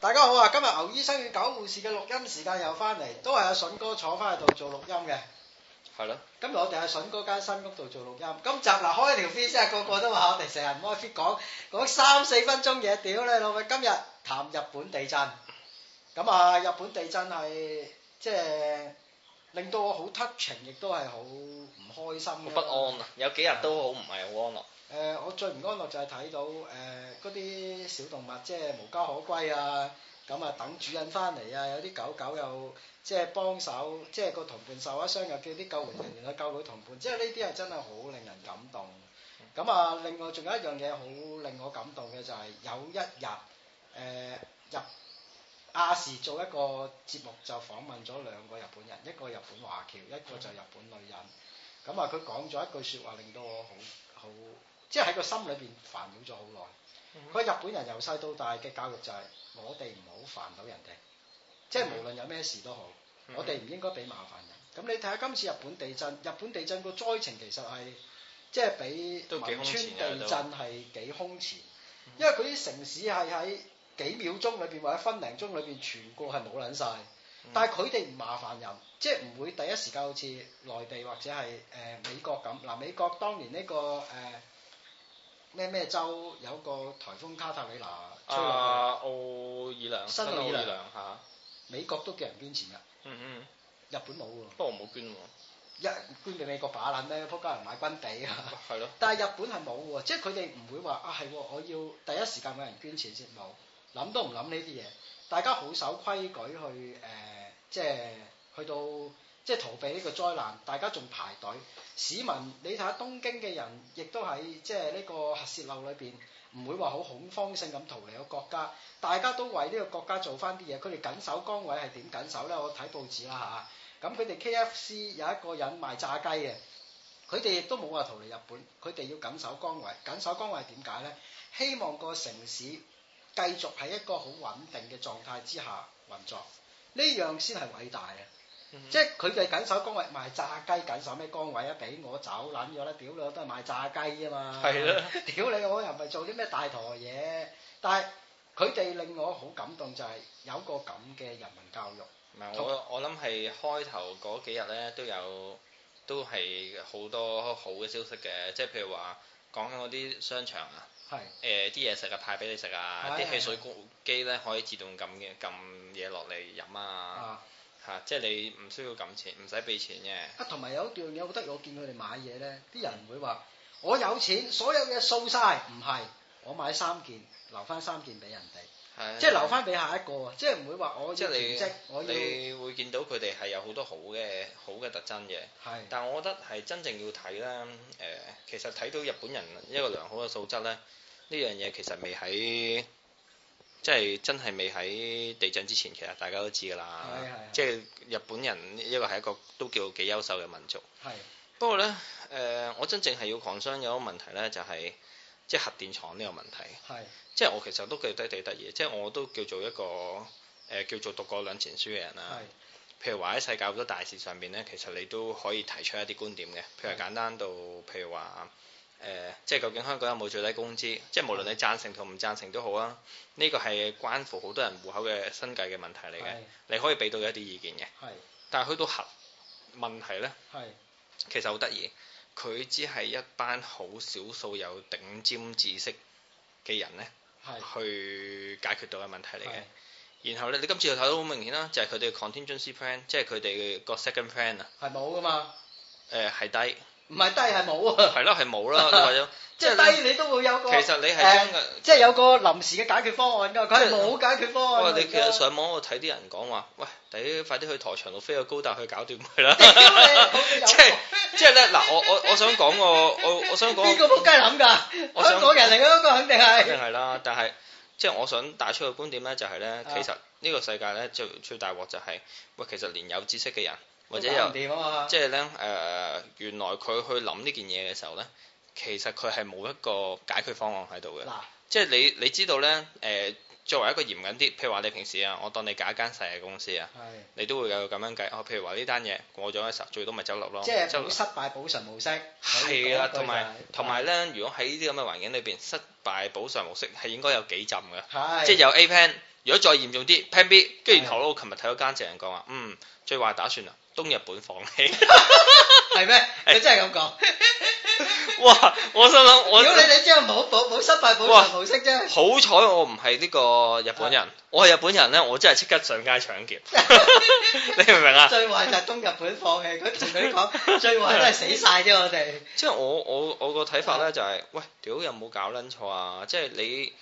大家好啊！今日牛醫生與狗護士嘅錄音時間又翻嚟，都係阿筍哥坐翻喺度做錄音嘅，係咯的。今日我哋喺筍哥間新屋度做錄音。今集嗱開一條 fit 先啊！個個都話我哋成日唔開 fit 講講三四分鐘嘢，屌你老味！今日談日本地震，咁啊日本地震係即係。令到我好 touching 亦都係好唔開心。不安啊！有幾日都好唔係好安樂。誒、呃，我最唔安樂就係睇到誒嗰啲小動物，即係無家可歸啊，咁、嗯、啊等主人翻嚟啊，有啲狗狗又即係幫手，即係個同伴受咗傷又叫啲救援人員去救佢同伴，即係呢啲係真係好令人感動。咁啊，另外仲有一樣嘢好令我感動嘅就係、是、有一、呃、日誒入。亞視做一個節目就訪問咗兩個日本人，一個日本華僑，一個就日本女人。咁啊、嗯，佢講咗一句説話，令到我好好，即係喺個心裏邊煩擾咗好耐。佢、嗯、日本人由細到大嘅教育就係、是、我哋唔好煩到人哋，嗯、即係無論有咩事都好，嗯、我哋唔應該俾麻煩人。咁你睇下今次日本地震，日本地震個災情其實係即係比汶川地震係幾空前，嗯、因為佢啲城市係喺。幾秒鐘裏邊或者分零鐘裏邊，全個係冇撚晒。但係佢哋唔麻煩人，即係唔會第一時間好似內地或者係誒、呃、美國咁嗱、啊。美國當年呢、呢個誒咩咩州有個颱風卡塔里娜吹落嚟。阿奧爾良，新奧路爾良嚇。啊、美國都叫人捐錢㗎。嗯嗯。日本冇喎。不過我冇捐喎。一捐俾美國把撚咧，仆街人買軍地 的啊。係咯。但係日本係冇喎，即係佢哋唔會話啊係，我要第一時間揾人捐錢先冇。諗都唔諗呢啲嘢，大家好守規矩去誒，即、呃、係、即係、去到即係、即係、逃避呢個災難。大家仲排隊，市民你睇下東京嘅人亦都喺即係呢個核泄漏裏邊，唔會話好恐慌性咁逃離個國家。大家都為呢個國家做翻啲嘢，佢哋緊守崗位係點緊守咧？我睇報紙啦嚇，咁佢哋 KFC 有一個人賣炸雞嘅，佢哋亦都冇話逃離日本，佢哋要緊守崗位。緊守崗位係點解咧？希望個城市繼續喺一個好穩定嘅狀態之下運作，呢樣先係偉大啊！嗯、即係佢哋緊守崗位賣炸雞，緊守咩崗位啊？俾我走撚咗啦！屌你都係賣炸雞啊嘛！係囉，屌你我又唔係做啲咩大台嘢。但係佢哋令我好感動，就係、是、有個咁嘅人民教育。唔係，我我諗係開頭嗰幾日咧，都有都係好多好嘅消息嘅，即係譬如話講緊嗰啲商場啊。係誒啲嘢食嘅派俾你食啊，啲汽是水機咧，可以自動撳嘅撳嘢落嚟飲啊嚇、啊啊，即係你唔需要撳錢，唔使俾錢嘅。啊，同埋有一樣嘢，我覺得我見佢哋買嘢咧，啲人唔會話我有錢，所有嘢掃晒，唔係我買三件，留翻三件俾人哋。即係留翻俾下一個，即係唔會話我即你，即我要你會見到佢哋係有好多好嘅好嘅特徵嘅。係是，但係我覺得係真正要睇啦。誒、呃，其實睇到日本人一個良好嘅素質咧，呢樣嘢其實未喺，即係真係未喺地震之前，其實大家都知㗎啦。係係。即係日本人一個係一個都叫幾優秀嘅民族。係是。不過咧，誒、呃，我真正係要狂傷有一個問題咧，就係、是。即係核電廠呢個問題，是即係我其實都覺得幾得意，即係我都叫做一個誒、呃、叫做讀過兩錢書嘅人啦。是譬如話喺世界好多大事上面呢，其實你都可以提出一啲觀點嘅。譬如簡單到是譬如話誒、呃，即係究竟香港有冇最低工資？即係無論你贊成同唔贊成都好啊，呢、這個係關乎好多人戶口嘅生計嘅問題嚟嘅，是你可以俾到一啲意見嘅。是但係去到核問題咧，是其實好得意。佢只係一班好少數有頂尖知識嘅人咧，的去解決到嘅問題嚟嘅。的然後咧，你今次就睇到好明顯啦，就係佢哋嘅 contingency plan，即係佢哋個 second plan 啊，係冇噶嘛。誒、呃，係低。唔係低，係冇啊，係咯係冇啦，或者即係低你都會有個， 其實你係誒，即係、呃就是、有個臨時嘅解決方案㗎，佢係冇解決方案。喂、呃，你其實上網我睇啲人講話，喂，第快啲去台場度飛個高達去搞掂佢啦。即係即係咧嗱，我我我想講個我我想講呢個撲街諗㗎？想我想香港人嚟嘅嗰個肯定係。肯定係啦，但係即係我想帶出嘅觀點咧、就是，就係咧，其實呢個世界咧最最大鑊就係、是、喂，其實連有知識嘅人。或者有即係咧誒，原來佢去諗呢件嘢嘅時候咧，其實佢係冇一個解決方案喺度嘅。嗱，即係你你知道咧誒，作為一個嚴謹啲，譬如話你平時啊，我當你搞一間細嘅公司啊，你都會有咁樣計。我譬如話呢單嘢過咗嘅時候，最多咪走落咯。即係補失敗補償模式係啦，同埋同埋咧，如果喺呢啲咁嘅環境裏邊，失敗補償模式係應該有幾浸嘅，即係有 A plan。如果再嚴重啲 plan B，跟住然後咧，我琴日睇到間正人講話，嗯，最壞打算啦。東日本放棄係咩？ 你真係咁講？哇！我心諗，如果你哋真係冇保冇失敗保存模式啫，好彩我唔係呢個日本人，啊、我係日本人咧，我真係即刻上街搶劫 你。你明唔明啊？最壞就係東日本放棄，佢同你講最壞都係死晒啫， 我哋。即係我我我個睇法咧、就係，就係是的 喂，屌有冇搞撚錯啊？即係你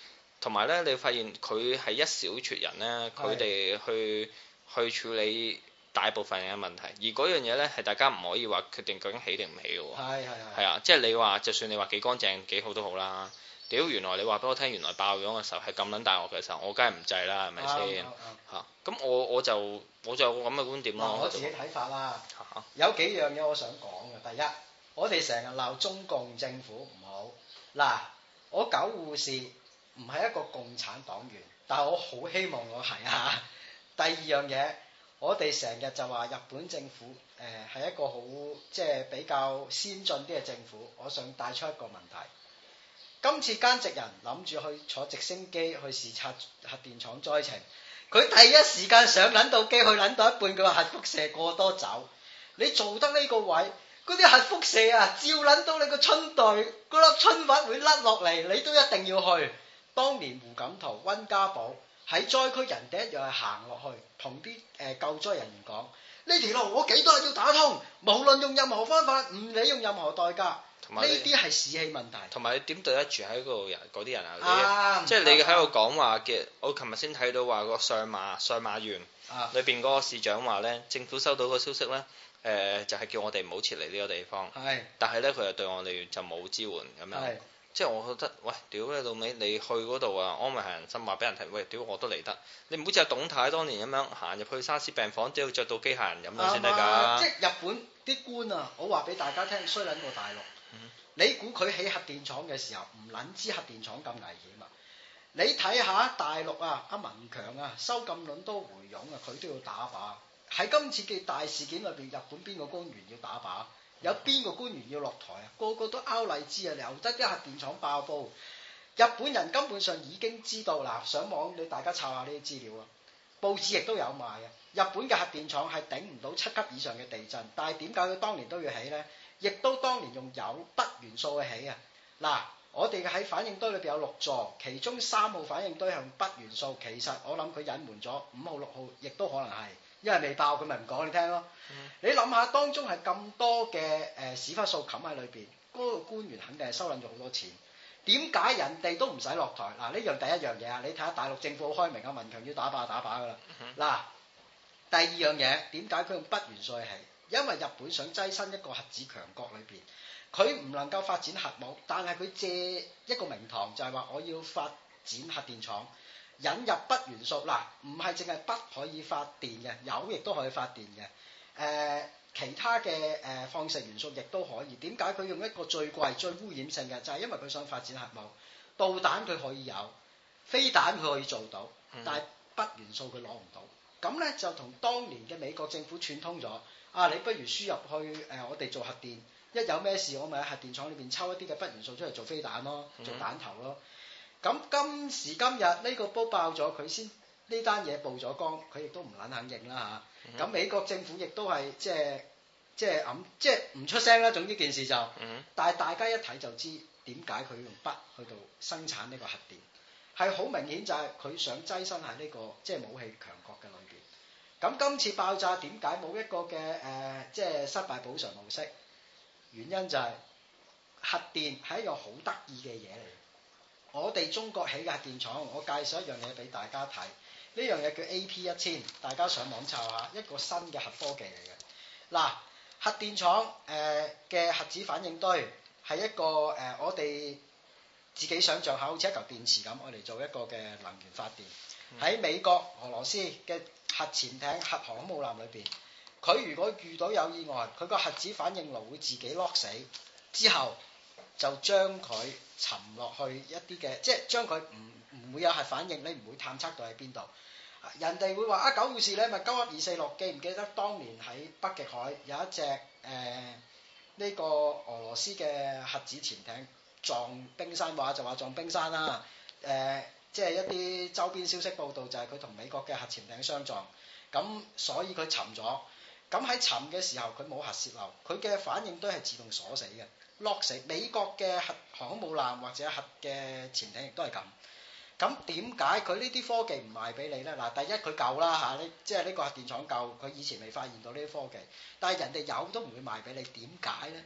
同埋咧，你發現佢係一小撮人咧，佢哋去去處理。大部分嘅問題，而嗰樣嘢咧係大家唔可以話決定究竟起定唔起嘅喎。係係啊，的的即係你話，就算你話幾乾淨幾好都好啦。屌，原來你話俾我聽，原來爆樣嘅時候係咁撚大鑊嘅時候，我梗係唔制啦，係咪先？啊咁我我就我就有個咁嘅觀點咯。嗯、我，就我自己睇法啦。啊、有幾樣嘢我想講嘅，第一，我哋成日鬧中共政府唔好。嗱，我狗護士唔係一個共產黨員，但我好希望我係啊。 第二樣嘢。我哋成日就話日本政府誒，係一個好即係比較先進啲嘅政府，我想帶出一個問題。今次菅直人諗住去坐直升機去視察核電廠災情，佢第一時間上揾到機去揾到一半，佢話核輻射過多走。你做得呢個位，嗰啲核輻射啊，照揾到你個春袋，嗰粒春物會甩落嚟，你都一定要去。當年胡錦濤、溫家寶。喺災區人第一樣係行落去，同啲誒救災人員講：呢條路我幾多日要打通，無論用任何方法，唔理用任何代價，呢啲係士氣問題。同埋你點對得住喺嗰度人嗰啲人啊？啊！即係你喺度講話嘅，我琴日先睇到話個上馬上馬縣啊，裏邊嗰個市長話咧，政府收到個消息咧，誒就係叫我哋唔好撤離呢個地方。係，但係咧佢又對我哋就冇支援咁樣。即係我覺得，喂，屌你老味，你去嗰度啊，安慰下人心，話俾人聽，喂，屌我都嚟得。你唔好似阿董太當年咁樣行入去沙士病房，都要着到機械人飲湯先得㗎。即係日本啲官啊，我話俾大家聽，衰卵過大陸。嗯、你估佢起核電廠嘅時候，唔撚知核電廠咁危險啊？你睇下大陸啊，阿文強啊，收咁卵多回傭啊，佢都要打靶。喺今次嘅大事件裏邊，日本邊個官員要打靶？有邊個官員要落台啊？個個都拗荔枝啊！由得啲核電廠爆煲。日本人根本上已經知道嗱，上網你大家查下呢啲資料啊。報紙亦都有賣啊。日本嘅核電廠係頂唔到七級以上嘅地震，但係點解佢當年都要起呢？亦都當年用有鈈元素去起啊！嗱，我哋嘅喺反應堆裏邊有六座，其中三號反應堆向用鈈元素，其實我諗佢隱瞞咗，五號六號亦都可能係。因為未爆，佢咪唔講你聽咯。嗯、你諗下，當中係咁多嘅誒屎忽數冚喺裏邊，嗰、呃那個官員肯定係收撚咗好多錢。點解人哋都唔使落台？嗱、啊，呢樣第一樣嘢啊，你睇下大陸政府好開明啊，文強要打靶打靶噶啦。嗱、嗯啊，第二樣嘢，點解佢用不元帥起？因為日本想躋身一個核子強國裏邊，佢唔能夠發展核武，但係佢借一個名堂，就係、是、話我要發展核電廠。引入鈈元素嗱，唔係淨係鈈可以發電嘅，鈾亦都可以發電嘅。誒、呃，其他嘅誒、呃、放射元素亦都可以。點解佢用一個最貴、最污染性嘅？就係、是、因為佢想發展核武，導彈佢可以有，飛彈佢可以做到，但係鈈元素佢攞唔到。咁咧就同當年嘅美國政府串通咗。啊，你不如輸入去誒、呃，我哋做核電。一有咩事，我咪喺核電廠裏邊抽一啲嘅鈈元素出嚟做飛彈咯，做彈頭咯。咁今時今日呢個煲爆咗，佢先呢單嘢爆咗光，佢亦都唔懶肯認啦吓，咁、啊 mm hmm. 美國政府亦都係即係即係冚、嗯、即係唔出聲啦。總之件事就，mm hmm. 但係大家一睇就知點解佢用筆去到生產呢個核電，係好明顯就係佢想躋身喺呢、這個即係、就是、武器強國嘅裏邊。咁今次爆炸點解冇一個嘅誒、呃、即係失敗補償模式？原因就係核電係一個好得意嘅嘢嚟。我哋中國起嘅核電廠，我介紹一樣嘢俾大家睇，呢樣嘢叫 AP 一千，1000，大家上網查下，一個新嘅核科技嚟嘅。嗱，核電廠誒嘅核子反應堆係一個誒、呃，我哋自己想像下，好似一嚿電池咁，我嚟做一個嘅能源發電。喺、嗯、美國、俄羅斯嘅核潛艇、核航空母艦裏邊，佢如果遇到有意外，佢個核子反應爐會自己 lock 死，之後。就將佢沉落去一啲嘅，即係將佢唔唔會有核反應，你唔會探測到喺邊度。人哋會話啊，狗護士，咧，咪鳩一二四六，記唔記得當年喺北極海有一隻誒呢、呃這個俄羅斯嘅核子潛艇撞冰山話，話就話撞冰山啦、啊。誒、呃，即、就、係、是、一啲周邊消息報道就係佢同美國嘅核潛艇相撞，咁所以佢沉咗。咁喺沉嘅時候，佢冇核洩漏，佢嘅反應都係自動鎖死嘅。落成美國嘅核航空母艦或者核嘅潛艇亦都係咁，咁點解佢呢啲科技唔賣俾你咧？嗱，第一佢舊啦嚇、啊，即係呢個核電廠舊，佢以前未發現到呢啲科技，但係人哋有都唔會賣俾你，點解咧？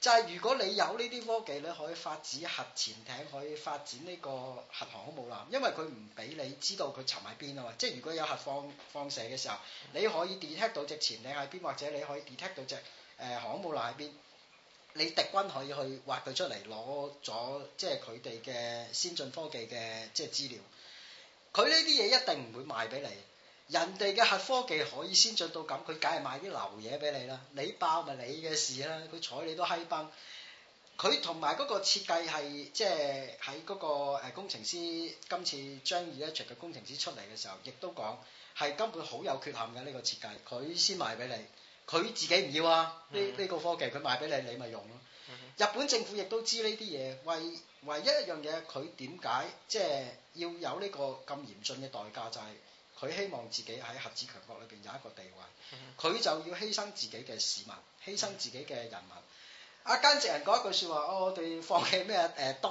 就係、是、如果你有呢啲科技咧，你可以發展核潛艇，可以發展呢個核航空母艦，因為佢唔俾你知道佢沉喺邊啊嘛，即係如果有核放放射嘅時候，你可以 detect 到隻潛艇喺邊，或者你可以 detect 到隻誒、呃、航空母艦喺邊。你敵軍可以去挖佢出嚟攞咗，即係佢哋嘅先進科技嘅即係資料。佢呢啲嘢一定唔會賣俾你。人哋嘅核科技可以先進到咁，佢梗係賣啲流嘢俾你啦。你爆咪你嘅事啦。佢睬你都閪崩。佢同埋嗰個設計係即係喺嗰個工程師今次將二一著嘅工程師出嚟嘅時候，亦都講係根本好有缺陷嘅呢個設計。佢先賣俾你。佢自己唔要啊！呢、這、呢個科技佢賣俾你，你咪用咯、啊。日本政府亦都知呢啲嘢，唯唯一一樣嘢，佢點解即係要有呢個咁嚴峻嘅代價？就係、是、佢希望自己喺核子強國裏邊有一個地位，佢、嗯、就要犧牲自己嘅市民，犧牲自己嘅人民。嗯、啊，菅直人講一句説話說、哦，我哋放棄咩？誒、呃、東，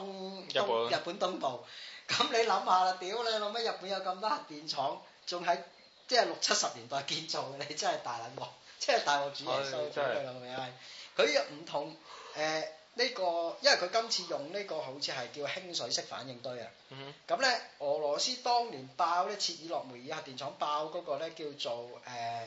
東日本日本東部，咁你諗下啦，屌你諗乜？日本有咁多核電廠，仲喺即係六七十年代建造嘅，你真係大撚鑊！即係大國主義收咗佢啦，係咪佢又唔同誒呢、呃這個，因為佢今次用呢、這個好似係叫輕水式反應堆啊。咁咧、嗯，俄羅斯當年爆咧切爾諾梅爾核電廠爆嗰、那個咧叫做誒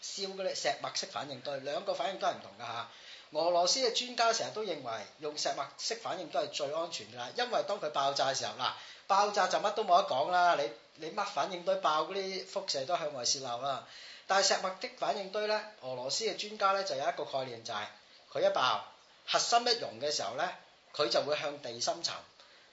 燒嗰啲石墨式反應堆，兩個反應都係唔同噶嚇。俄羅斯嘅專家成日都認為用石墨式反應堆係最安全㗎，因為當佢爆炸嘅時候嗱，爆炸就乜都冇得講啦，你你乜反應堆爆嗰啲輻射都向外洩漏啦。但係石墨的反應堆咧，俄羅斯嘅專家咧就有一個概念就係、是，佢一爆，核心一融嘅時候咧，佢就會向地心沉，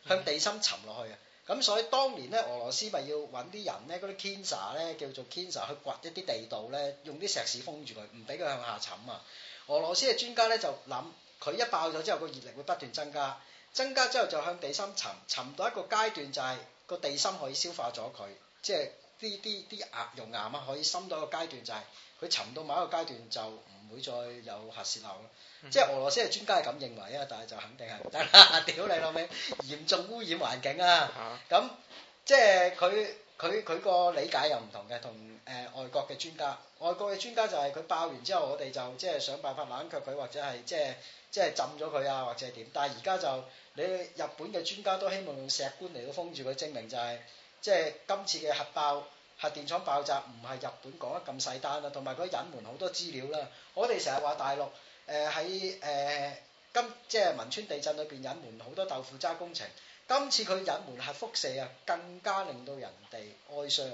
向地心沉落去啊！咁、嗯、所以當年咧，俄羅斯咪要揾啲人咧，嗰啲 Kenza 咧叫做 Kenza 去掘一啲地道咧，用啲石屎封住佢，唔俾佢向下沉啊！俄羅斯嘅專家咧就諗，佢一爆咗之後個熱力會不斷增加，增加之後就向地心沉，沉到一個階段就係、是、個地心可以消化咗佢，即係。啲啲啲熔岩啊，可以深到一個階段，就係佢沉到某一個階段就唔會再有核泄漏咯。即係俄羅斯嘅專家係咁認為嘅、啊，但係就肯定係唔得啦，屌你老味，嚴重污染環境啊！咁、啊、即係佢佢佢個理解又唔同嘅，同誒、呃、外國嘅專家，外國嘅專家就係佢爆完之後，我哋就即係想辦法冷卻佢，或者係即係即係浸咗佢啊，或者係點？但係而家就你日本嘅專家都希望用石棺嚟到封住佢，證明就係、是。即係今次嘅核爆、核電廠爆炸唔係日本講得咁細單啦，同埋佢隱瞞好多資料啦。我哋成日話大陸誒喺誒今即係汶川地震裏邊隱瞞好多豆腐渣工程，今次佢隱瞞核輻射啊，更加令到人哋哀傷。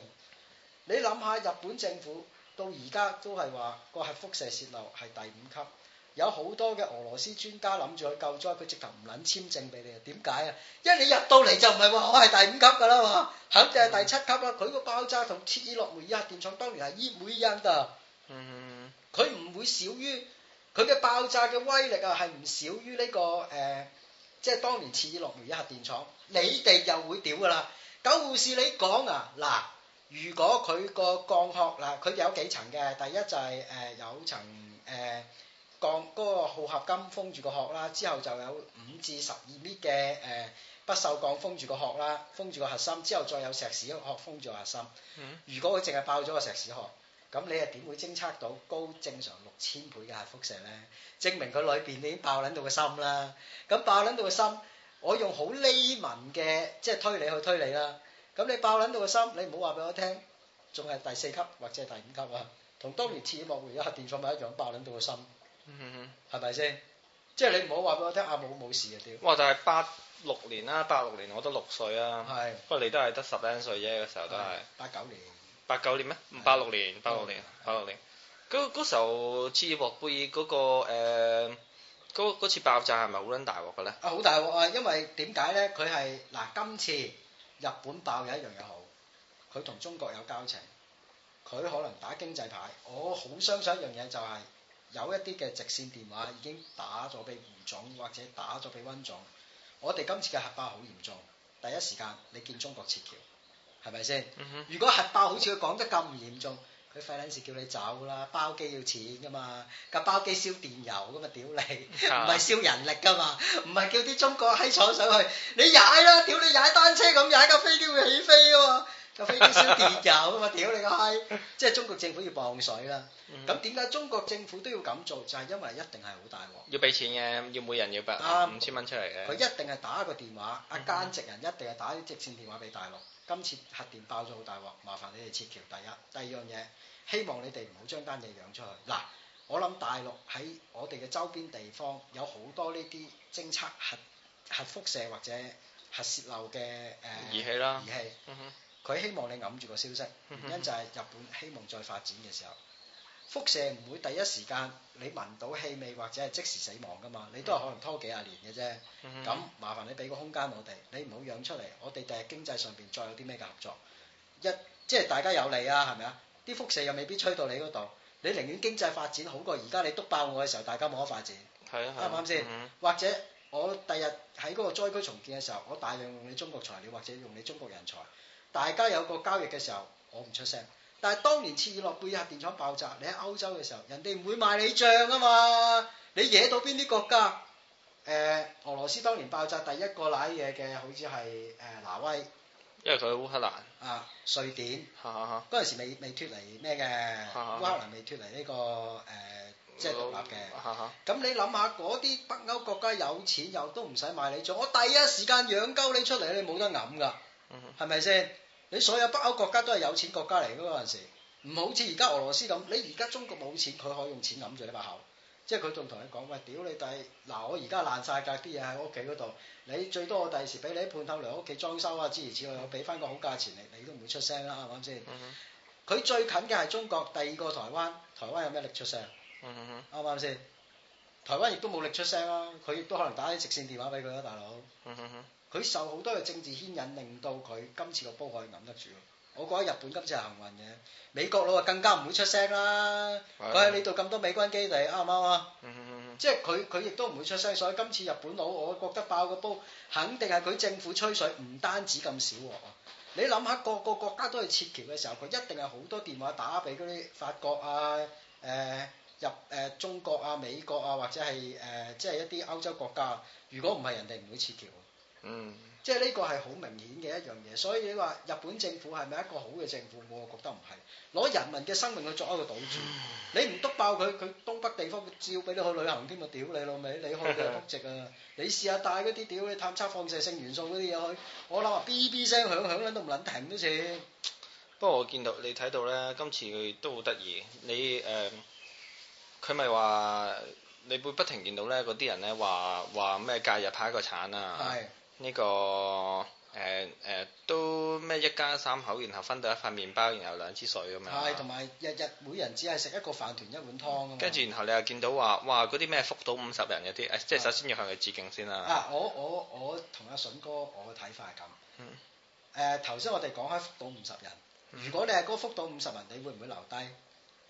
你諗下，日本政府到而家都係話個核輻射泄漏係第五級。有好多嘅俄羅斯專家諗住去救災，佢直頭唔撚簽證俾你啊？點解啊？因為你入到嚟就唔係話我係第五級噶啦嘛，肯定係第七級啦。佢個、嗯、爆炸同切爾諾貝爾核電廠當年係依貝恩啊！嗯，佢唔會少於佢嘅爆炸嘅威力啊、這個，係唔少於呢個誒，即係當年切爾諾貝爾核電廠。你哋又會屌噶啦？狗護士你講啊嗱，如果佢個降殼嗱，佢有幾層嘅？第一就係、是、誒、呃、有層誒。呃呃鋼嗰個鋁合金封住個殼啦，之後就有五至十二米嘅誒不鏽鋼封住個殼啦，封住個核心，之後再有石屎殼封住核心。嗯、如果佢淨係爆咗個石屎殼，咁你又點會偵測到高正常六千倍嘅核輻射咧？證明佢裏邊已經爆撚到個心啦。咁爆撚到個心，我用好匿文嘅即係推理去推理啦。咁你爆撚到個心，你唔好話俾我聽，仲係第四級或者係第五級啊，同當年鐵幕嘅核電廠咪一樣爆撚到個心。嗯哼，係咪先？即係你唔好話俾我聽阿母冇事啊屌！哇、哦！但係八六年啦，八六年我都六歲啊，係不過你都係得十零歲啫，嗰時候都係。八九年。八九年咩？的八六年，的八六年，的八六年。嗰嗰時候切爾諾貝爾嗰個誒，嗰、呃、次爆炸係咪好撚大鑊嘅咧？啊，好大鑊啊！因為點解咧？佢係嗱，今次日本爆有一樣嘢好，佢同中國有交情，佢可能打，打經濟牌。我好我相信一樣嘢就係、是。有一啲嘅直線電話已經打咗俾胡總或者打咗俾温總，我哋今次嘅核爆好嚴重，第一時間你見中國撤僑，係咪先？嗯、哼如果核爆好似佢講得咁嚴重。佢費撚事叫你走啦，包機要錢噶嘛，架包機燒電油噶嘛，屌你，唔 係燒人力噶嘛，唔係叫啲中國閪坐上去，你踩啦，屌你踩單車咁踩架飛機會起飛喎，架飛機燒電油啊嘛，屌 你個閪，即係 中國政府要磅水啦，咁點解中國政府都要咁做？就係、是、因為一定係好大鑊。要俾錢嘅，要每人要百、啊、五千蚊出嚟嘅。佢一定係打個電話，阿間直人一定係打啲直線電話俾大陸。今次核電爆咗好大鑊，麻煩你哋撤橋，第一。第二樣嘢，希望你哋唔好將單嘢揚出去。嗱，我諗大陸喺我哋嘅周邊地方有好多呢啲偵測核核輻射或者核洩漏嘅誒、呃、儀器啦，儀器。佢希望你揞住個消息，原因就係日本希望再發展嘅時候。輻射唔會第一時間你聞到氣味或者係即時死亡㗎嘛，你都係可能拖幾廿年嘅啫。咁、嗯、哼麻煩你俾個空間我哋，你唔好養出嚟。我哋第日經濟上邊再有啲咩嘅合作，一即係大家有利啊，係咪啊？啲輻射又未必吹到你嗰度，你寧願經濟發展好過而家你督爆我嘅時候，大家冇得發展，係呀，啱唔啱先？或者我第日喺嗰個災區重建嘅時候，我大量用你中國材料或者用你中國人才，大家有個交易嘅時候，我唔出聲。但係當年切爾諾貝爾核電廠爆炸，你喺歐洲嘅時候，人哋唔會賣你帳啊嘛！你惹到邊啲國家？誒、呃，俄羅斯當年爆炸第一個賴嘢嘅，好似係誒挪威，因為佢烏克蘭啊，瑞典嚇嚇嗰陣時未未脫離咩嘅，哈哈烏克蘭未脫離呢、這個誒、呃、即獨立嘅咁、哦、你諗下嗰啲北歐國家有錢又都唔使賣你帳，我第一時間養鳩你出嚟，你冇得揞噶，嗯，係咪先？你所有北歐國家都係有錢國家嚟嘅嗰陣時，唔好似而家俄羅斯咁。你而家中國冇錢，佢可以用錢冚住你把口，即係佢仲同你講：喂，屌你第，嗱我而家爛晒格啲嘢喺屋企嗰度，你最多我第時俾你啲判頭嚟屋企裝修啊諸如此類，我俾翻個好價錢你，你都唔會出聲啦，啱唔啱先？佢、嗯、哼最近嘅係中國，第二個台灣，台灣有咩力出聲？啱唔啱先？嗯、哼台灣亦都冇力出聲啦，佢亦都可能打啲直線電話俾佢啦，大佬。嗯。佢受好多嘅政治牽引，令到佢今次個煲可以揞得住。我覺得日本今次係行運嘅，美國佬啊更加唔會出聲啦。佢喺呢度咁多美軍基地啱唔啱啊？的的即係佢佢亦都唔會出聲，所以今次日本佬，我覺得爆個煲肯定係佢政府吹水，唔單止咁少喎。你諗下，個個國家都係撤僑嘅時候，佢一定係好多電話打俾嗰啲法國啊、誒日誒中國啊、美國啊，或者係誒、呃、即係一啲歐洲國家。如果唔係人哋唔會撤僑。嗯，即係呢個係好明顯嘅一樣嘢，所以你話日本政府係咪一個好嘅政府？我覺得唔係，攞人民嘅生命去作一個賭注，嗯、你唔督爆佢，佢東北地方照俾你去旅行添啊！屌你老味，你去嘅係毒植啊！ 你試下帶嗰啲屌你探測放射性元素嗰啲嘢去，我諗啊，B B 聲響響啦都唔撚停都先。不過我見到你睇到咧，今次佢都好得意。你誒，佢咪話你會不停見到咧嗰啲人咧話話咩假日派一個鏟啊？係。呢、這個誒誒、哎呃、都咩一家三口，然後分到一塊麵包，然後兩支水咁樣。係、就是，同埋日日每人只係食一個飯團一碗湯。跟住、嗯、然後你又見到話，哇！嗰啲咩福島五十人嗰啲，誒、嗯，即係首先要向佢致敬先啦。啊！我我我同阿筍哥我嘅睇法係咁。嗯。誒、啊，頭先我哋講開福島五十人，嗯、如果你係嗰福島五十人，你會唔會留低？嗯、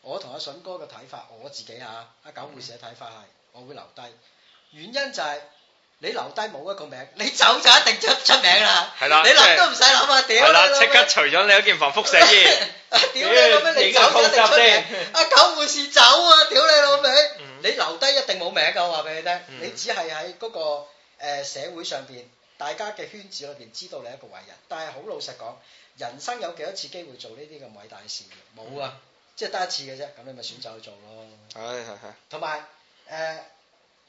我同阿筍哥嘅睇法，我自己嚇阿九護士嘅睇法係，我會留低。原因就係。Понять? 你留低冇一個名，你走就一定出出名啦。係啦，你諗都唔使諗啊！屌你老母，即刻除咗你嗰件防輻射衣。屌你老味，你走一定出名。阿九護士走啊！屌你老味，你留低一定冇名噶。我話俾你聽，你只係喺嗰個誒、社會上邊，大家嘅圈子裏邊知道你係一個偉人。但係好老實講，人生有幾多次機會做呢啲咁偉大嘅事業？冇啊，即係得一次嘅啫。咁你咪選擇去做咯。係係係。同埋誒。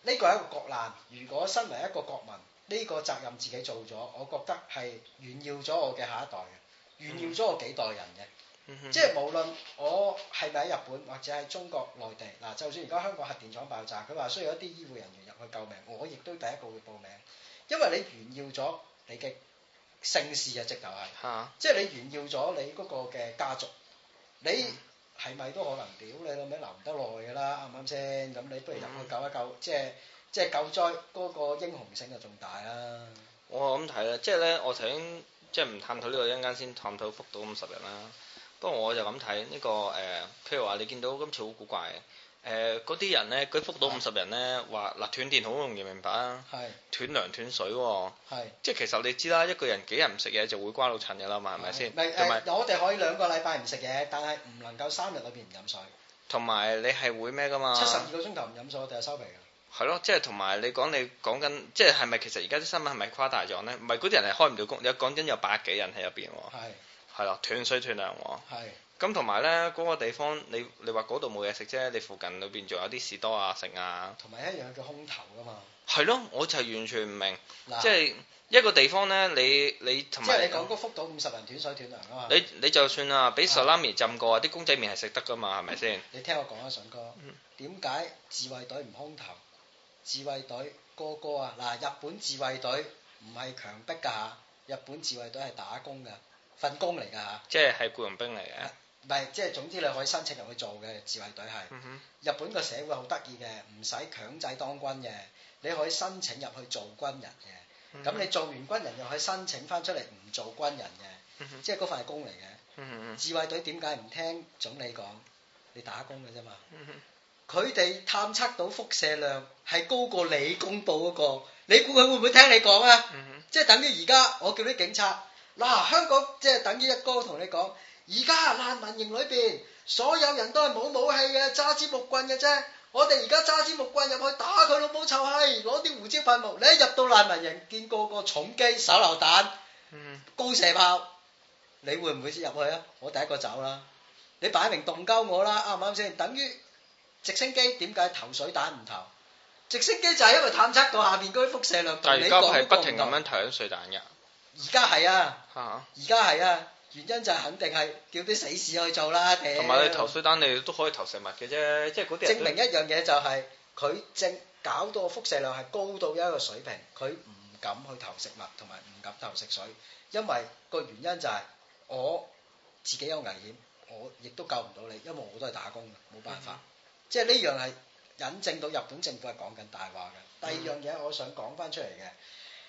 呢個係一個國難，如果身為一個國民，呢、這個責任自己做咗，我覺得係炫耀咗我嘅下一代嘅，炫耀咗我幾代人嘅，嗯、哼即係無論我係咪喺日本或者喺中國內地，嗱，就算而家香港核電廠爆炸，佢話需要一啲醫護人員入去救命，我亦都第一個會報名，因為你炫耀咗你嘅姓氏嘅直頭係，即係、啊、你炫耀咗你嗰個嘅家族，你。嗯係咪都可能屌你老味留唔得耐㗎啦，啱唔啱先？咁你不如入去救一救，嗯、即係即係救災嗰、嗰個英雄性就仲大啦。我咁睇咧，即係咧，我頭先即係唔探討呢、呢個一陣間先，探討福島五十日啦。不過我就咁睇呢個誒、呃，譬如話你見到今次好古怪嘅。誒嗰啲人咧，佢覆到五十人咧，話嗱、呃、斷電好容易明白啊，是斷糧斷水喎、哦，是即係其實你知啦，一個人幾日唔食嘢就會瓜老襯嘅啦嘛，係咪先？唔係誒，我哋可以兩個禮拜唔食嘢，但係唔能夠三日裏邊唔飲水。同埋你係會咩噶嘛？七十二個鐘頭唔飲水，我哋就收皮噶。係咯，即係同埋你講你講緊，即係係咪其實而家啲新聞係咪誇大咗咧？唔係嗰啲人係開唔到工，有講緊有百幾人喺入邊喎。係係啦，斷水斷糧喎。係是。是咁同埋咧，嗰個地方，你你話嗰度冇嘢食啫，你附近裏邊仲有啲士多啊食啊。同埋一樣叫空投噶嘛。係咯，我就係完全唔明，即係一個地方咧，你你同埋即係你講嗰個福島五十人斷水斷糧啊嘛。你你就算啊，俾沙拉米浸過啊，啲公仔麪係食得噶嘛，係咪先？你聽我講啊，順哥，點解自衛隊唔空投？自衛隊個個啊，嗱，日本自衛隊唔係強迫㗎嚇，日本自衛隊係打工㗎，份工嚟㗎嚇。即係係僱傭兵嚟嘅。唔係，即係總之你可以申請入去做嘅、嗯哼，自衞隊係。日本個社會好得意嘅，唔使強制當軍嘅，你可以申請入去做軍人嘅、嗯哼。咁你做完軍人又可以申請翻出嚟唔做軍人嘅、嗯哼，即係嗰份工嚟嘅、嗯哼。自衞隊點解唔聽總理講？你打工嘅啫嘛、嗯哼。佢哋探測到輻射量係高過你公道嗰個，你估佢會唔會聽你講啊？即係、嗯、哼等於而家我叫啲警察嗱、啊，香港即係等於一哥同你講。而家難民營裏邊，所有人都係冇武器嘅，揸支木棍嘅啫。我哋而家揸支木棍入去打佢老母臭氣，攞啲胡椒粉末。你一入到難民營，見個個重機、手榴彈、高射炮，你會唔會先入去啊？我第一個走啦。你擺明戙鳩我啦，啱唔啱先？等於直升機點解投水彈唔投？直升機就係因為探測到下邊嗰啲輻射量你個。但係而家係不停咁樣投水彈嘅。而家係啊，而家係啊。原因就係肯定係叫啲死士去做啦，同埋你投水單你都可以投食物嘅啫，即係嗰啲證明一樣嘢就係、是、佢正搞到個輻射量係高到一個水平，佢唔敢去投食物同埋唔敢投食水，因為個原因就係我自己有危險，我亦都救唔到你，因為我都係打工嘅，冇辦法，嗯嗯即係呢樣係引證到日本政府係講緊大話嘅。第二樣嘢我想講翻出嚟嘅。嗯嗯嗯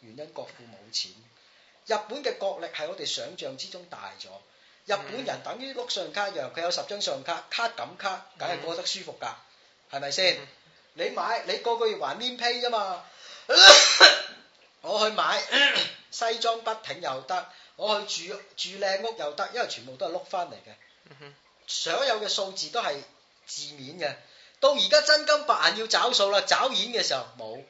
原因國庫冇錢，日本嘅國力喺我哋想象之中大咗，嗯、日本人等於碌信用卡一樣，佢有十張信用卡，卡咁卡，梗係過得舒服噶，係咪先？你買你個個月還免批 a 啫嘛， 我去買 西裝筆挺又得，我去住住靚屋又得，因為全部都係碌翻嚟嘅，所、嗯、有嘅數字都係字面嘅，到而家真金白銀要找數啦，找錢嘅時候冇。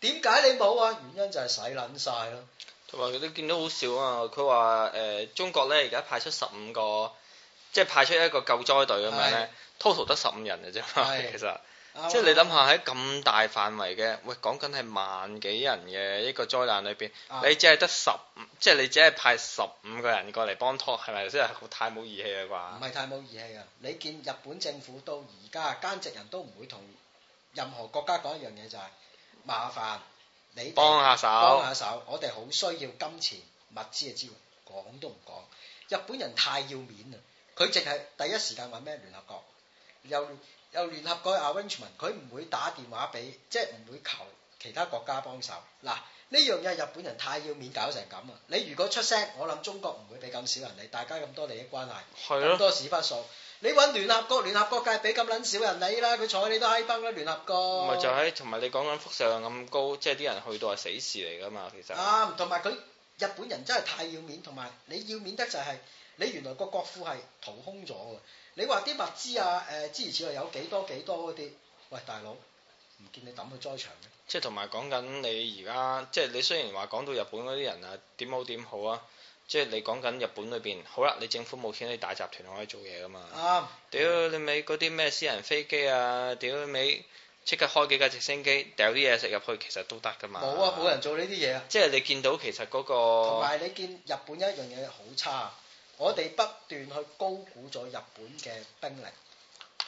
點解你冇啊？原因就係洗捻晒咯。同埋佢都見到好少啊！佢話誒，中國咧而家派出十五個，即係派出一個救災隊咁樣咧，total 得十五人嘅啫。其實，的即係你諗下喺咁大範圍嘅，喂，講緊係萬幾人嘅一個災難裏邊，的你只係得十五，即係你只係派十五個人過嚟幫拖，係咪？即係太冇義氣啦啩？唔係太冇義氣啊！你見日本政府到而家，菅直人都唔會同任何國家講一樣嘢，就係。麻煩，你幫，下手，幫下手，幫下手，我哋好需要金錢物資嘅支援，講都唔講。日本人太要面啦，佢淨係第一時間揾咩聯合國，又又聯合國阿 Winchman，佢唔會打電話俾，即係唔會求其他國家幫手。嗱，呢樣嘢日本人太要面搞成咁啊！你如果出聲，我諗中國唔會俾咁少人哋，大家咁多利益關係，咁是的 多屎忽數。你搵聯合國，聯合國梗係俾咁撚少人理啦，佢睬你都閪崩啦聯合國。唔係就喺同埋你講緊輻射量咁高，即係啲人去到係死事嚟噶嘛，其實。啊，同埋佢日本人真係太要面，同埋你要面得就係、是、你原來個國庫係掏空咗嘅。你話啲物資啊，誒、呃，諸如此類有幾多幾多嗰啲，喂大佬，唔見你抌去災場嘅。即係同埋講緊你而家，即係你雖然話講到日本嗰啲人啊點好點好啊。即係你講緊日本裏邊，好啦，你政府冇錢，你大集團可以做嘢噶嘛？啱、啊。屌你咪嗰啲咩私人飛機啊，屌你咪即刻開幾架直升機，掉啲嘢食入去，其實都得噶嘛？冇啊，冇人做呢啲嘢啊！即係你見到其實嗰個同埋你見日本一樣嘢好差，我哋不斷去高估咗日本嘅兵力。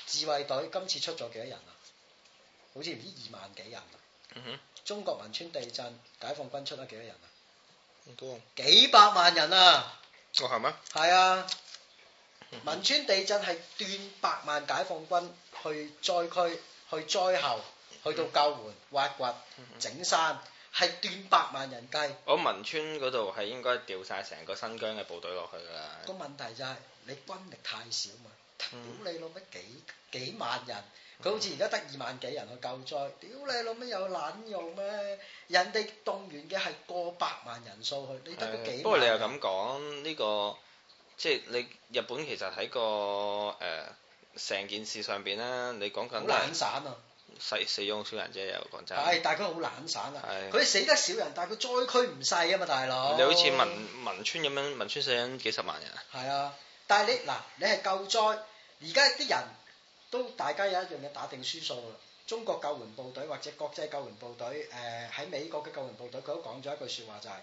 自衛隊今次出咗幾多人啊？好似唔知二萬幾人。嗯哼。中國汶川地震，解放軍出咗幾多人啊？幾百萬人啊！哦，係咩？係啊！汶川地震係斷百萬解放軍去災區去災後去到救援挖掘整山，係斷百萬人計。我汶川嗰度係應該掉晒成個新疆嘅部隊落去噶啦。個問題就係、是、你軍力太少嘛，屌你老味幾、嗯、幾萬人。佢好似而家得二萬幾人去救災，屌你老味有撚用咩？人哋動員嘅係過百萬人數去，你得個幾萬。不過你又咁講呢個，即係你日本其實喺個誒成、呃、件事上邊咧，你講緊好懶散啊，死死咗少人啫，又講真。係，但係佢好懶散啊，佢的死得少人，但係佢災區唔細啊嘛，大佬。你好似汶汶川咁樣，汶川死緊幾十萬人。係啊，但係你嗱，你係救災，而家啲人。都大家有一樣嘢打定輸數啦。中國救援部隊或者國際救援部隊，誒喺美國嘅救援部隊，佢都講咗一句説話就係，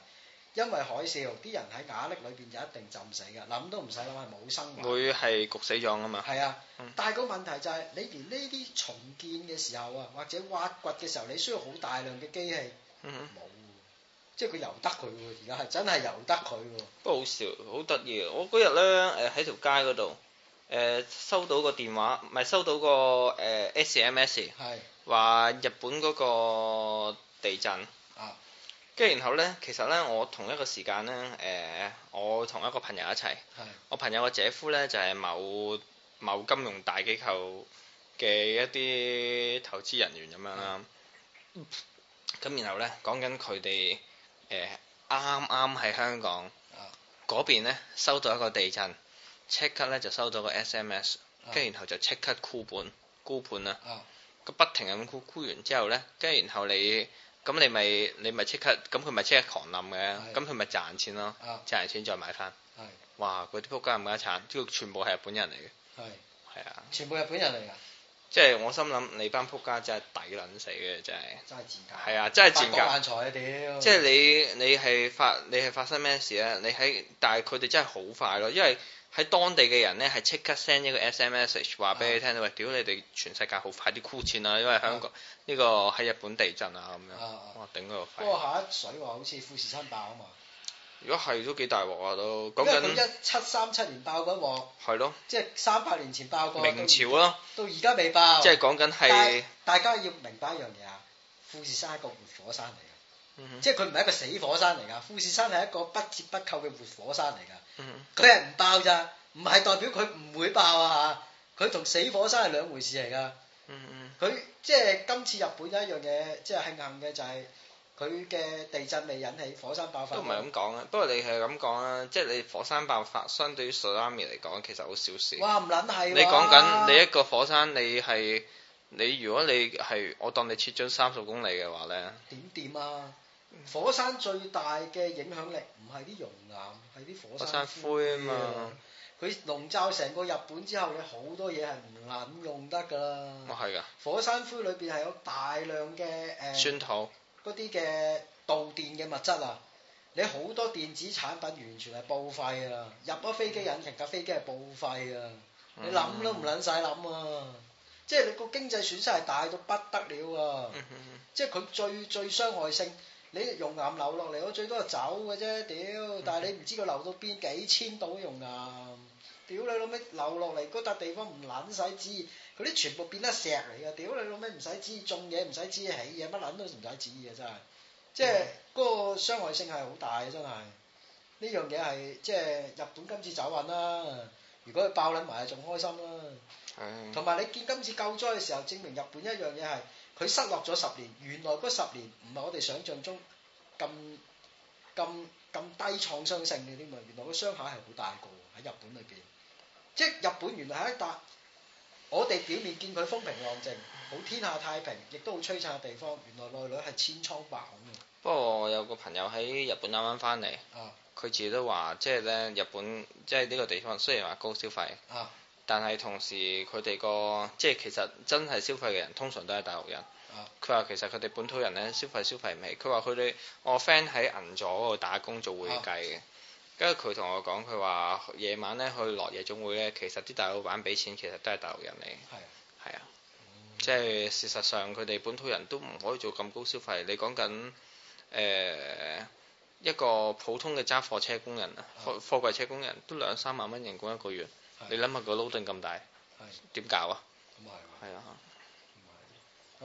因為海嘯，啲人喺瓦礫裏邊就一定浸死嘅，諗都唔使諗係冇生還。會係焗死咗啊嘛。係啊，但係個問題就係、是，你連呢啲重建嘅時候啊，或者挖掘嘅時候，你需要好大量嘅機器，冇、嗯哼，即係佢由得佢喎，而家係真係由得佢喎。都、嗯、哼好笑，好得意啊！我嗰日咧，誒喺條街嗰度。誒，收到個電話，唔係收到個誒、呃、SMS，係是，話日本嗰個地震，啊，跟住然後咧，其實咧，我同一個時間咧，誒、呃，我同一個朋友一齊，是我朋友個姐夫咧就係、是、某某金融大機構嘅一啲投資人員咁樣啦，咁是然後咧講緊佢哋，誒、呃，啱啱喺香港，嗰、啊、邊咧收到一個地震。即刻咧就收到個 S M S，跟住然後就即刻沽本，沽盤啊，咁不停咁沽，沽完之後咧，跟住然後你咁你咪你咪即刻咁佢咪即刻狂冧嘅。咁佢咪賺錢咯，賺錢再買翻。哇！嗰啲撲街冚家鏟，呢個全部係日本人嚟嘅。係係啊，全部日本人嚟㗎。即係我心諗，你班撲街真係抵撚死嘅，真係真係賤格係啊！真係賤格，即係你你係發你係發生咩事咧？你喺，但係佢哋真係好快咯，因為。喺當地嘅人咧，係即刻 send 一個 SMS 話俾你聽，啊、喂，屌你哋全世界好快啲箍錢啦、啊，因為香港呢、啊、個喺日本地震啊咁樣，啊、哇頂佢個肺！啊啊、不過下一水話好似富士山爆啊嘛，如果係都幾大鑊啊都，因為一七三七年爆嗰鑊、啊，係咯的，即係三百年前爆過，明朝咯、啊，到而家未爆，即係講緊係大家要明白一樣嘢啊，富士山一個活火山嚟。嗯、即係佢唔係一個死火山嚟㗎，富士山係一個不折不扣嘅活火山嚟㗎。佢係唔爆咋，唔係代表佢唔會爆啊！佢同死火山係兩回事嚟㗎。佢、嗯、哼即係今次日本有一樣嘢，即係慶幸嘅就係佢嘅地震未引起火山爆發。都唔係咁講啊！不過你係咁講啊！即係你火山爆發，相對於 tsunami 嚟講，其實好少少。哇！唔撚係。你講緊你一個火山，你係你如果你係我當你設咗三十公里嘅話呢，點掂啊？火山最大嘅影響力唔係啲熔岩，係啲火山灰啊嘛！佢籠罩成個日本之後，你好多嘢係唔捻用得噶啦。哦，係噶。火山灰裏邊係有大量嘅誒、呃、酸土，嗰啲嘅導電嘅物質啊！你好多電子產品完全係報廢、嗯、噶啦！入咗飛機引擎架飛機係報廢噶！你諗都唔捻晒，諗啊！即係你個經濟損失係大到不得了啊！嗯、 即係佢最最傷害性。你熔岩流落嚟，我最多係走嘅啫，屌、嗯！但係你唔知佢流到邊，幾千度熔岩，屌你老味！流落嚟嗰笪地方唔捻使知，佢啲全部變得石嚟噶，屌你老味！唔使知種嘢，唔使知起嘢，乜捻都唔使知嘅。真係，即係嗰、嗯、個傷害性係好大啊！真係，呢樣嘢係即係日本今次走運啦、啊，如果佢爆捻埋仲開心啦、啊。同埋、嗯、你見今次救災嘅時候，證明日本一樣嘢係。佢失落咗十年，原來嗰十年唔係我哋想象中咁咁咁低創傷性嘅啲咁，原來個傷口係好大個喺日本裏邊，即係日本原來係一笪我哋表面見佢風平浪靜，好天下太平，亦都好璀璨嘅地方，原來內裏係千瘡百孔。不過我有個朋友喺日本啱啱翻嚟，佢、啊、自己都話即係咧，日本即係呢個地方雖然話高消費。啊。但係同時，佢哋個即係其實真係消費嘅人，通常都係大陸人。佢話、啊、其實佢哋本土人咧消費消費唔起。佢話佢哋我 friend 喺銀座嗰度打工做會計嘅，啊、跟住佢同我講，佢話夜晚呢去落夜總會呢，其實啲大老闆俾錢其實都係大陸人嚟。係係啊，即係、啊嗯、事實上佢哋本土人都唔可以做咁高消費。你講緊誒一個普通嘅揸貨車工人，啊、貨貨櫃車工人都兩三萬蚊人工一個月。你諗下個撈定咁大，點搞啊？咁啊，係嘛？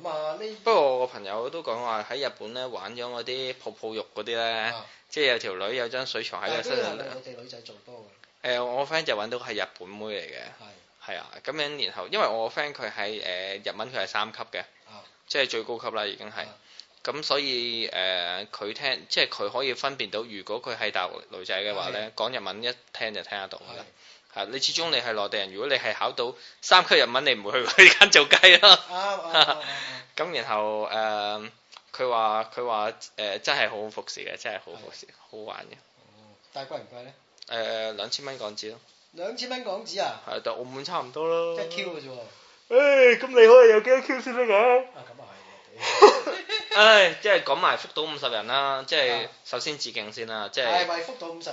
咁啊，呢不過我個朋友都講話喺日本咧玩咗嗰啲泡泡浴嗰啲咧，即係有條女有張水床喺佢身度，真係我哋女仔做多嘅。誒，我 friend 就揾到係日本妹嚟嘅，係係啊。咁樣然後，因為我個 friend 佢係誒日文佢係三級嘅，即係最高級啦，已經係咁，所以誒佢聽即係佢可以分辨到，如果佢係大陸女仔嘅話咧，講日文一聽就聽得到嘅。係你始終你係內地人，如果你係考到三級日文，你唔會去呢間做雞咯、 啊。咁、啊啊、 然後誒，佢話佢話誒，真係好好服侍嘅，真係好好，服侍的好玩嘅。但係、嗯、貴唔貴咧？誒、呃，兩千蚊港紙咯。兩千蚊港紙啊？係， 同澳門差唔多啦。即 Q 嘅啫喎。誒、哎，咁你可以有幾多 Q 先得講？咁啊係。唉，即係講埋福島五十人啦，即係首先致敬先啦，即係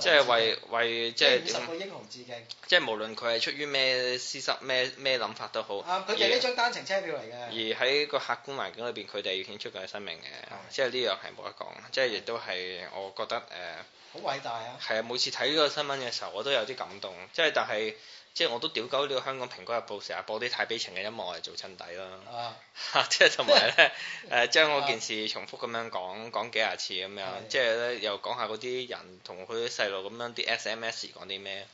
即係為為即係五十個英雄致敬，即係無論佢係出於咩私心咩咩諗法都好。啊、嗯，佢哋呢張單程車票嚟嘅。而喺個客觀環境裏邊，佢哋要獻出佢嘅生命嘅、嗯，即係呢樣係冇得講。即係亦都係我覺得誒，好、嗯呃、偉大啊！係啊，每次睇呢個新聞嘅時候，我都有啲感動。即係但係。即係我都屌鳩呢個香港蘋果日報，成日播啲太悲情嘅音樂嚟做襯底啦。啊、 即係同埋咧，誒、呃、將嗰件事重複咁樣講講幾廿次咁樣，啊、即係咧又講下嗰啲人同佢啲細路咁樣啲 S M S 講啲咩？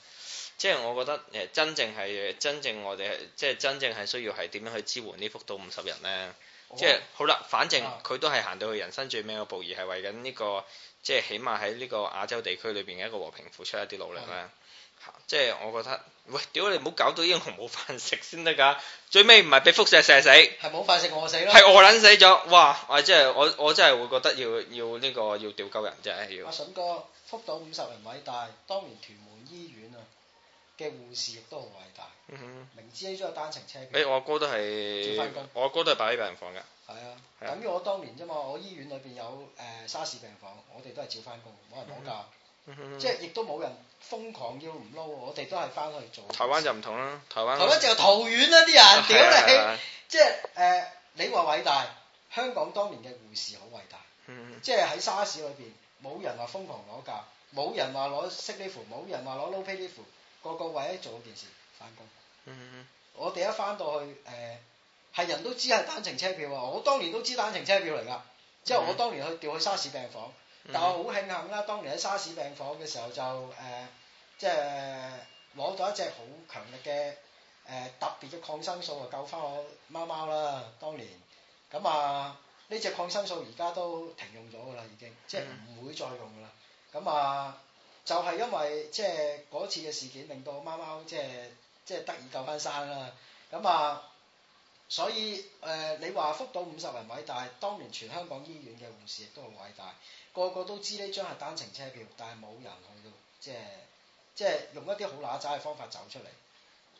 即係我覺得誒真正係真正我哋即係真正係需要係點樣去支援福呢福島五十人咧？哦、即係好啦，反正佢都係行到去人生最尾嗰步，而係為緊呢、呢個即係起碼喺呢個亞洲地區裏邊嘅一個和平付出一啲努力咧。啊嗯即係我覺得，喂，屌你唔好搞到英雄冇飯食先得㗎！最尾唔係被輻射射死，係冇飯食餓死咯，係餓撚死咗！哇！我真係我我真係會覺得要要呢個要屌鳩人真係要。阿筍哥，福島五十人偉大，當年屯門醫院啊嘅護士亦都好偉大。明知呢張單程車票。我哥都係，我哥都係擺喺病房嘅。係啊，等於我當年啫嘛，我醫院裏邊有誒沙士病房，我哋都係照翻工，冇人講假，即係亦都冇人。瘋狂要唔撈，我哋都係翻去做。台灣就唔同啦，台灣台灣就逃遠啦啲人，屌你！即係誒，你話偉大，香港當年嘅護士好偉大，即係喺沙士裏邊，冇人話瘋狂攞價，冇人話攞息呢符，冇人話攞 low pay 呢符。個個為咗做嗰件事翻工。嗯，我哋一翻到去誒，係人都知係單程車票啊！我當年都知單程車票嚟啦，之後我當年去調去沙士病房。嗯、但我好慶幸啦，當年喺沙士病房嘅時候就誒、呃，即係攞到一隻好強力嘅誒、呃、特別嘅抗生素，就救翻我貓貓啦。當年咁啊，呢隻抗生素而家都停用咗㗎啦，已經即係唔會再用㗎啦。咁、嗯、啊，就係、是、因為即係嗰次嘅事件令貓貓，令到我貓貓即係即係得以救翻生啦。咁啊。嗯啊所以誒、呃，你話福島五十人偉大，當年全香港醫院嘅護士亦都好偉大，個個個都知呢張係單程車票，但係冇人去到，即係即係用一啲好揦鮓嘅方法走出嚟，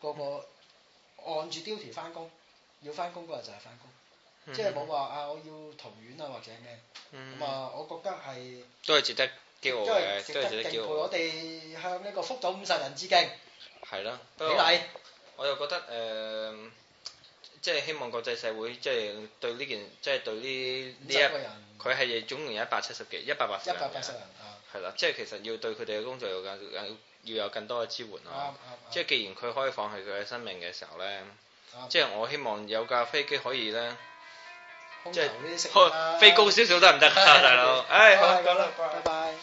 個個按住 duty 翻工，要翻工嗰日就係翻工，嗯、哼即係冇話啊我要逃院啊或者咩，咁啊、嗯、哼我覺得係都係值得驕傲嘅，係值得敬佩。我哋向呢個福島五十人致敬。係啦，表禮。我又覺得誒。呃嗯即係希望國際社會即係對呢件，即係對呢呢一，佢係總共有一百七十幾，一百八十人。一百八十人啊。係啦，即係其實要對佢哋嘅工作有要有更多嘅支援咯。即係既然佢可以放棄佢嘅生命嘅時候咧，即係我希望有架飛機可以咧，即係飛高少少得唔得大佬？誒，好，啦，拜拜。